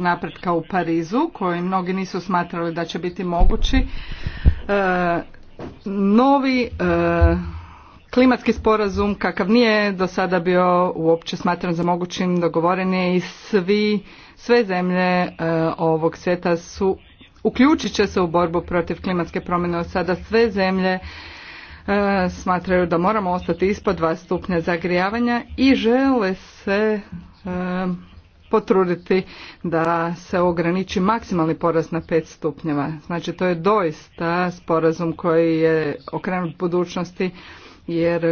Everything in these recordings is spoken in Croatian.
napretka u Parizu, koji mnogi nisu smatrali da će biti mogući, e, novi e, klimatski sporazum kakav nije do sada bio uopće smatran za mogućim dogovoren je i svi, sve zemlje e, ovog svijeta su uključit će se u borbu protiv klimatske promjene od sada sve zemlje smatraju da moramo ostati ispod dva stupnja zagrijavanja i žele se potruditi da se ograniči maksimalni porast na 5 stupnjeva. Znači to je doista sporazum koji je okrenut budućnosti jer,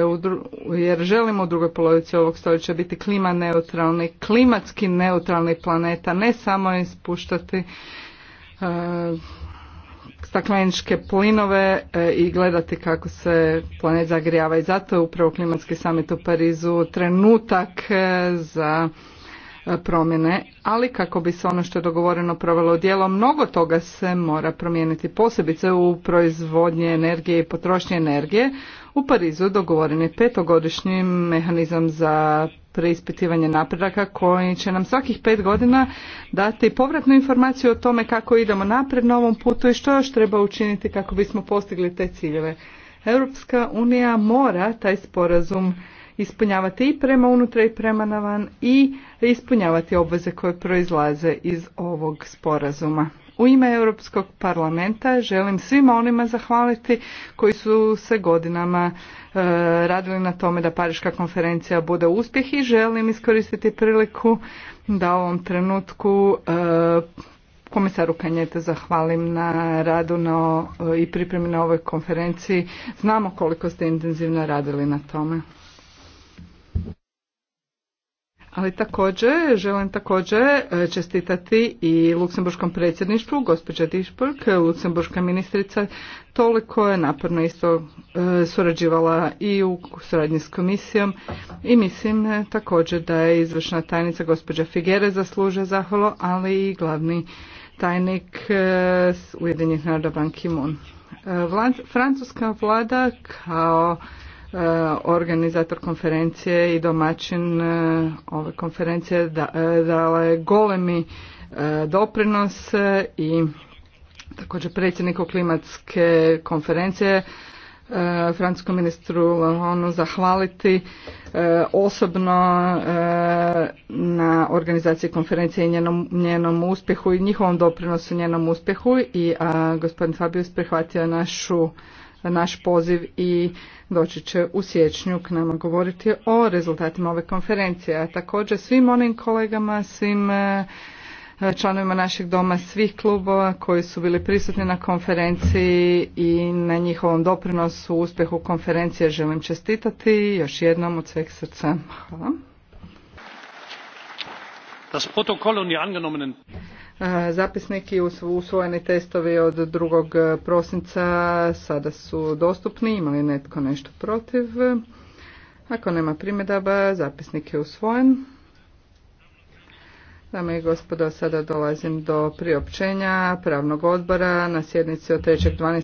jer želimo u drugoj polovici ovog stoljeća biti klima neutralni, klimatski neutralni planeta, ne samo ispuštati e, stakleničke plinove e, i gledati kako se planet zagrijava i zato je upravo klimatski summit u Parizu trenutak e, za promjene, ali kako bi se ono što je dogovoreno provelo djelo, mnogo toga se mora promijeniti posebice u proizvodnje energije i potrošnje energije. U Parizu dogovoren je petogodišnji mehanizam za preispitivanje napredaka koji će nam svakih pet godina dati povratnu informaciju o tome kako idemo napred na ovom putu i što još treba učiniti kako bismo postigli te ciljeve. Europska unija mora taj sporazum ispunjavati i prema unutra i prema na van i ispunjavati obveze koje proizlaze iz ovog sporazuma. U ime Europskog parlamenta želim svima onima zahvaliti koji su se godinama e, radili na tome da Pariška konferencija bude uspjeh i želim iskoristiti priliku da u ovom trenutku e, komisaru Kanjete zahvalim na radu na, e, i pripremi na ovoj konferenciji. Znamo koliko ste intenzivno radili na tome. Ali također, želim također e, čestitati i Luksemburškom predsjedništvu, gospođa Dišburg, Luksemburška ministrica, toliko je naporno isto e, surađivala i u suradnji s komisijom i mislim e, također da je izvršna tajnica gospođa Figere zasluže zahvalo, ali i glavni tajnik Ujedinjenih naroda Ban Francuska vlada kao E, organizator konferencije i domaćin e, ove konferencije e, dala je golemi doprinos i također predsjedniku klimatske konferencije francuskom ministru ono zahvaliti osobno na organizaciji konferencije i njenom, njenom uspjehu i njihovom doprinosu njenom uspjehu i gospodin Fabius prihvatio našu naš poziv i doći će u siječnju k nama govoriti o rezultatima ove konferencije. A također svim onim kolegama, svim e, članovima našeg doma, svih klubova koji su bili prisutni na konferenciji i na njihovom doprinosu u uspjehu konferencije želim čestitati još jednom od sveg srca. Hvala. Zapisnik i usvojeni testovi od 2. E, prosinca sada su dostupni. imali netko nešto protiv? Ako nema primjedaba, zapisnik je usvojen. Dame i gospodo, sada dolazim do priopćenja pravnog odbora na sjednici od 3.12.